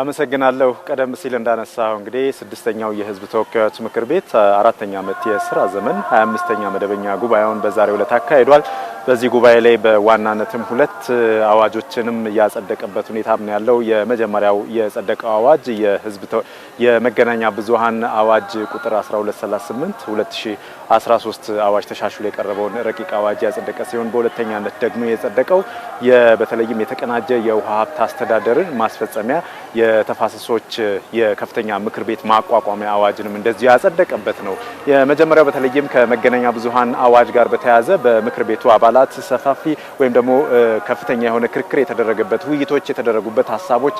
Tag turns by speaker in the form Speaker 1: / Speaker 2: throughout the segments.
Speaker 1: አመሰግናለሁ። ቀደም ሲል እንዳነሳው እንግዲህ ስድስተኛው የህዝብ ተወካዮች ምክር ቤት አራተኛ ዓመት የስራ ዘመን 25 አምስተኛ መደበኛ ጉባኤውን በዛሬው ዕለት አካሂዷል። በዚህ ጉባኤ ላይ በዋናነትም ሁለት አዋጆችንም እያጸደቀበት ሁኔታ ነው ያለው። የመጀመሪያው የጸደቀው አዋጅ የህዝብ የመገናኛ ብዙሃን አዋጅ ቁጥር 1238 2013 አዋጅ ተሻሽሎ የቀረበውን ረቂቅ አዋጅ ያጸደቀ ሲሆን በሁለተኛነት ደግሞ የጸደቀው በተለይም የተቀናጀ የውሃ ሀብት አስተዳደርን ማስፈጸሚያ የተፋሰሶች የከፍተኛ ምክር ቤት ማቋቋሚያ አዋጅንም እንደዚሁ ያጸደቀበት ነው። የመጀመሪያው በተለይም ከመገናኛ ብዙሃን አዋጅ ጋር በተያያዘ በምክር ቤቱ አባል አባላት ሰፋፊ ወይም ደግሞ ከፍተኛ የሆነ ክርክር የተደረገበት ውይይቶች የተደረጉበት ሀሳቦች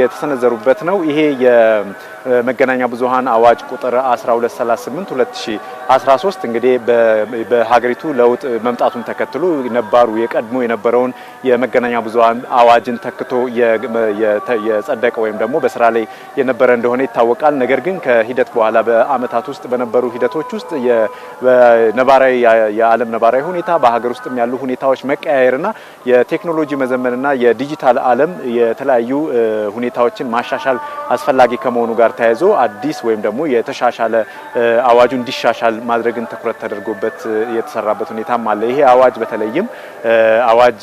Speaker 1: የተሰነዘሩበት ነው። ይሄ የመገናኛ ብዙሀን አዋጅ ቁጥር 1238 2013 እንግዲህ በሀገሪቱ ለውጥ መምጣቱን ተከትሎ ነባሩ የቀድሞ የነበረውን የመገናኛ ብዙሀን አዋጅን ተክቶ የጸደቀ ወይም ደግሞ በስራ ላይ የነበረ እንደሆነ ይታወቃል። ነገር ግን ከሂደት በኋላ በአመታት ውስጥ በነበሩ ሂደቶች ውስጥ ነባራዊ የዓለም ነባራዊ ሁኔታ ሀገር ውስጥም ያሉ ሁኔታዎች መቀያየርና የቴክኖሎጂ መዘመንና የዲጂታል ዓለም የተለያዩ ሁኔታዎችን ማሻሻል አስፈላጊ ከመሆኑ ጋር ተያይዞ አዲስ ወይም ደግሞ የተሻሻለ አዋጁ እንዲሻሻል ማድረግን ትኩረት ተደርጎበት የተሰራበት ሁኔታም አለ። ይሄ አዋጅ በተለይም አዋጅ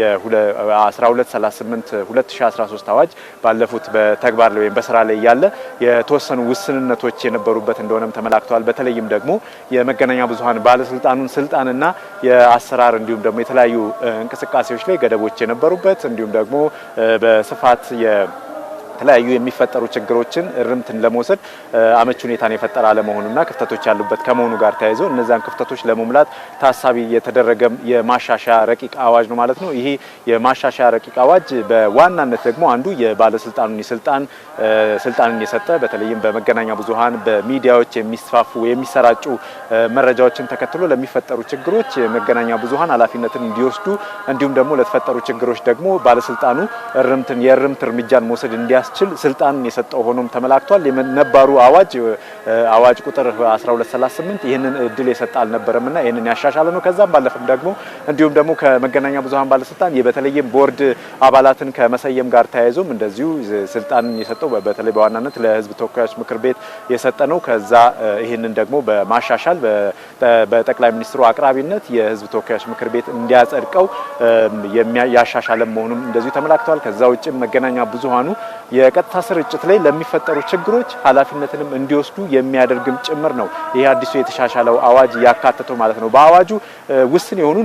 Speaker 1: የ1238 2013 አዋጅ ባለፉት በተግባር ላይ ወይም በስራ ላይ እያለ የተወሰኑ ውስንነቶች የነበሩበት እንደሆነም ተመላክተዋል። በተለይም ደግሞ የመገናኛ ብዙሀን ባለስልጣኑን ስልጣንና አሰራር እንዲሁም ደግሞ የተለያዩ እንቅስቃሴዎች ላይ ገደቦች የነበሩበት እንዲሁም ደግሞ በስፋት የተለያዩ የሚፈጠሩ ችግሮችን እርምትን ለመውሰድ አመች ሁኔታን የፈጠረ አለመሆኑና ክፍተቶች ያሉበት ከመሆኑ ጋር ተያይዞ እነዚያን ክፍተቶች ለመሙላት ታሳቢ የተደረገ የማሻሻያ ረቂቅ አዋጅ ነው ማለት ነው። ይሄ የማሻሻያ ረቂቅ አዋጅ በዋናነት ደግሞ አንዱ የባለስልጣኑን የስልጣን ስልጣንን የሰጠ በተለይም በመገናኛ ብዙሃን በሚዲያዎች የሚስፋፉ የሚሰራጩ መረጃዎችን ተከትሎ ለሚፈጠሩ ችግሮች የመገናኛ ብዙኃን ኃላፊነትን እንዲወስዱ እንዲሁም ደግሞ ለተፈጠሩ ችግሮች ደግሞ ባለስልጣኑ እርምትን የእርምት እርምጃን መውሰድ እንዲያ የሚያስችል ስልጣን የሰጠው ሆኖም ተመላክቷል። ነባሩ አዋጅ አዋጅ ቁጥር 1238 ይህንን እድል የሰጠ አልነበረም እና ይህንን ያሻሻለ ነው። ከዛም ባለፈም ደግሞ እንዲሁም ደግሞ ከመገናኛ ብዙኃን ባለስልጣን በተለይም ቦርድ አባላትን ከመሰየም ጋር ተያይዞም እንደዚሁ ስልጣን የሰጠው በተለይ በዋናነት ለሕዝብ ተወካዮች ምክር ቤት የሰጠ ነው። ከዛ ይህንን ደግሞ በማሻሻል በጠቅላይ ሚኒስትሩ አቅራቢነት የሕዝብ ተወካዮች ምክር ቤት እንዲያጸድቀው ያሻሻለ መሆኑም እንደዚሁ ተመላክተዋል። ከዛ ውጭ መገናኛ ብዙኃኑ የቀጥታ ስርጭት ላይ ለሚፈጠሩ ችግሮች ኃላፊነትንም እንዲወስዱ የሚያደርግም ጭምር ነው ይህ አዲሱ የተሻሻለው አዋጅ ያካተተው ማለት ነው። በአዋጁ ውስን የሆኑ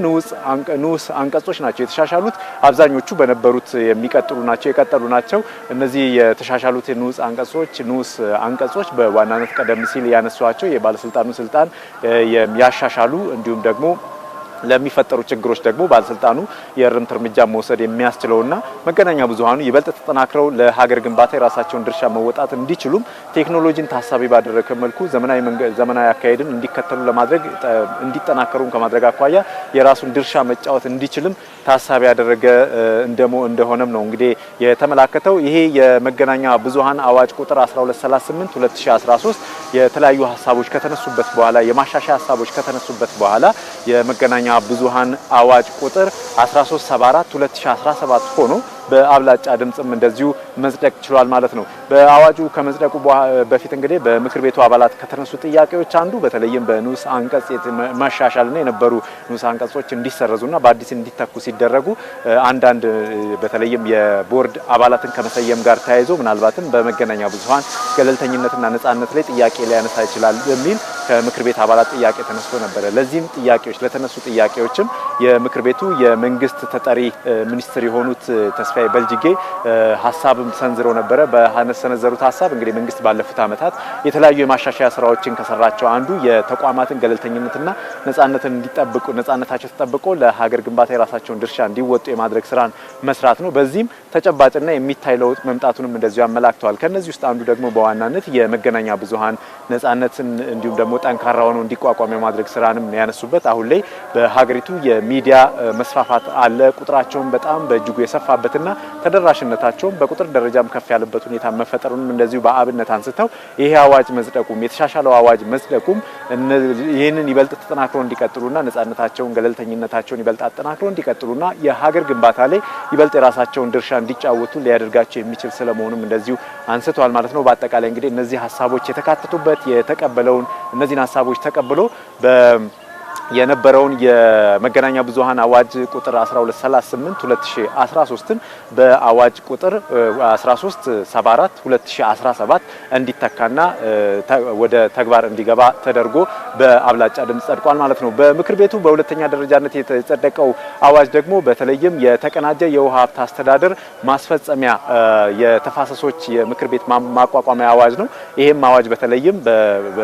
Speaker 1: ንዑስ አንቀጾች ናቸው የተሻሻሉት። አብዛኞቹ በነበሩት የሚቀጥሉ ናቸው የቀጠሉ ናቸው። እነዚህ የተሻሻሉት ንዑስ አንቀጾች ንዑስ አንቀጾች በዋናነት ቀደም ሲል ያነሷቸው የባለስልጣኑ ስልጣን ያሻሻሉ እንዲሁም ደግሞ ለሚፈጠሩ ችግሮች ደግሞ ባለስልጣኑ የእርምት እርምጃ መውሰድ የሚያስችለውና መገናኛ ብዙሀኑ ይበልጥ ተጠናክረው ለሀገር ግንባታ የራሳቸውን ድርሻ መወጣት እንዲችሉም ቴክኖሎጂን ታሳቢ ባደረገ መልኩ ዘመናዊ አካሄድን እንዲከተሉ ለማድረግ እንዲጠናከሩም ከማድረግ አኳያ የራሱን ድርሻ መጫወት እንዲችልም ታሳቢ ያደረገ እንደሞ እንደሆነም ነው እንግዲህ የተመላከተው። ይሄ የመገናኛ ብዙሀን አዋጅ ቁጥር 1238 2013 የተለያዩ ሀሳቦች ከተነሱበት በኋላ የማሻሻያ ሀሳቦች ከተነሱበት በኋላ የመገናኛ ብዙሃን አዋጅ ቁጥር 1374 2017 ሆኖ በአብላጫ ድምጽም እንደዚሁ መጽደቅ ችሏል ማለት ነው። በአዋጁ ከመጽደቁ በፊት እንግዲህ በምክር ቤቱ አባላት ከተነሱ ጥያቄዎች አንዱ በተለይም በንዑስ አንቀጽ መሻሻልና የነበሩ ንዑስ አንቀጾች እንዲሰረዙና በአዲስ እንዲተኩ ሲደረጉ አንዳንድ በተለይም የቦርድ አባላትን ከመሰየም ጋር ተያይዞ ምናልባትም በመገናኛ ብዙሃን ገለልተኝነትና ነጻነት ላይ ጥያቄ ሊያነሳ ይችላል የሚል ከምክር ቤት አባላት ጥያቄ ተነስቶ ነበረ። ለዚህም ጥያቄዎች ለተነሱ ጥያቄዎችም የምክር ቤቱ የመንግስት ተጠሪ ሚኒስትር የሆኑት ተስፋዬ በልጅጌ ሀሳብም ሰንዝረው ነበረ። በሰነዘሩት ሀሳብ እንግዲህ መንግስት ባለፉት ዓመታት የተለያዩ የማሻሻያ ስራዎችን ከሰራቸው አንዱ የተቋማትን ገለልተኝነትና ነጻነትን እንዲጠብቁ ነጻነታቸው ተጠብቆ ለሀገር ግንባታ የራሳቸውን ድርሻ እንዲወጡ የማድረግ ስራን መስራት ነው። በዚህም ተጨባጭና የሚታይ ለውጥ መምጣቱንም እንደዚሁ አመላክተዋል። ከነዚህ ውስጥ አንዱ ደግሞ በዋናነት የመገናኛ ብዙሃን ነጻነትን እንዲሁም ደግሞ ጠንካራ ሆነው እንዲቋቋም የማድረግ ስራንም ያነሱበት። አሁን ላይ በሀገሪቱ የሚዲያ መስፋፋት አለ። ቁጥራቸውን በጣም በእጅጉ የሰፋበትና ተደራሽነታቸውም በቁጥር ደረጃም ከፍ ያለበት ሁኔታ መፈጠሩንም እንደዚሁ በአብነት አንስተው ይሄ አዋጅ መጽደቁም የተሻሻለው አዋጅ መጽደቁም ይህንን ይበልጥ ተጠናክሮ እንዲቀጥሉና ነጻነታቸውን፣ ገለልተኝነታቸውን ይበልጥ አጠናክሮ እንዲቀጥሉና የሀገር ግንባታ ላይ ይበልጥ የራሳቸውን ድርሻ እንዲጫወቱ ሊያደርጋቸው የሚችል ስለመሆኑም እንደዚሁ አንስተዋል ማለት ነው። በአጠቃላይ እንግዲህ እነዚህ ሀሳቦች የተካተቱበት የተቀበለውን እነዚህን ሀሳቦች ተቀብሎ የነበረውን የመገናኛ ብዙሃን አዋጅ ቁጥር 1238 2013ን በአዋጅ ቁጥር 1374 2017 እንዲተካና ወደ ተግባር እንዲገባ ተደርጎ በአብላጫ ድምፅ ጸድቋል ማለት ነው። በምክር ቤቱ በሁለተኛ ደረጃነት የተጸደቀው አዋጅ ደግሞ በተለይም የተቀናጀ የውሃ ሀብት አስተዳደር ማስፈጸሚያ የተፋሰሶች የምክር ቤት ማቋቋሚያ አዋጅ ነው። ይህም አዋጅ በተለይም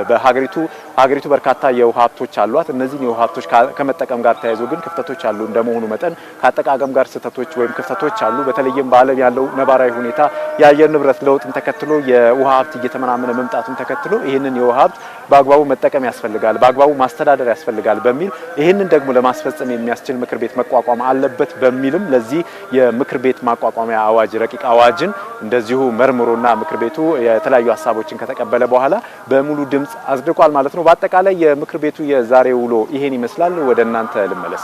Speaker 1: በሀገሪቱ ሀገሪቱ በርካታ የውሃ ሀብቶች አሏት። እነዚህን ሀብቶች ከመጠቀም ጋር ተያይዞ ግን ክፍተቶች አሉ። እንደመሆኑ መጠን ከአጠቃቀም ጋር ስህተቶች ወይም ክፍተቶች አሉ። በተለይም በዓለም ያለው ነባራዊ ሁኔታ የአየር ንብረት ለውጥን ተከትሎ የውሃ ሀብት እየተመናመነ መምጣቱን ተከትሎ ይህንን የውሃ ሀብት በአግባቡ መጠቀም ያስፈልጋል፣ በአግባቡ ማስተዳደር ያስፈልጋል በሚል ይህንን ደግሞ ለማስፈጸም የሚያስችል ምክር ቤት መቋቋም አለበት በሚልም ለዚህ የምክር ቤት ማቋቋሚያ አዋጅ ረቂቅ አዋጅን እንደዚሁ መርምሮና ምክር ቤቱ የተለያዩ ሀሳቦችን ከተቀበለ በኋላ በሙሉ ድምፅ አጽድቋል ማለት ነው። በአጠቃላይ የምክር ቤቱ የዛሬ ውሎ ይሄ ይሄን ይመስላል። ወደ እናንተ ልመለስ።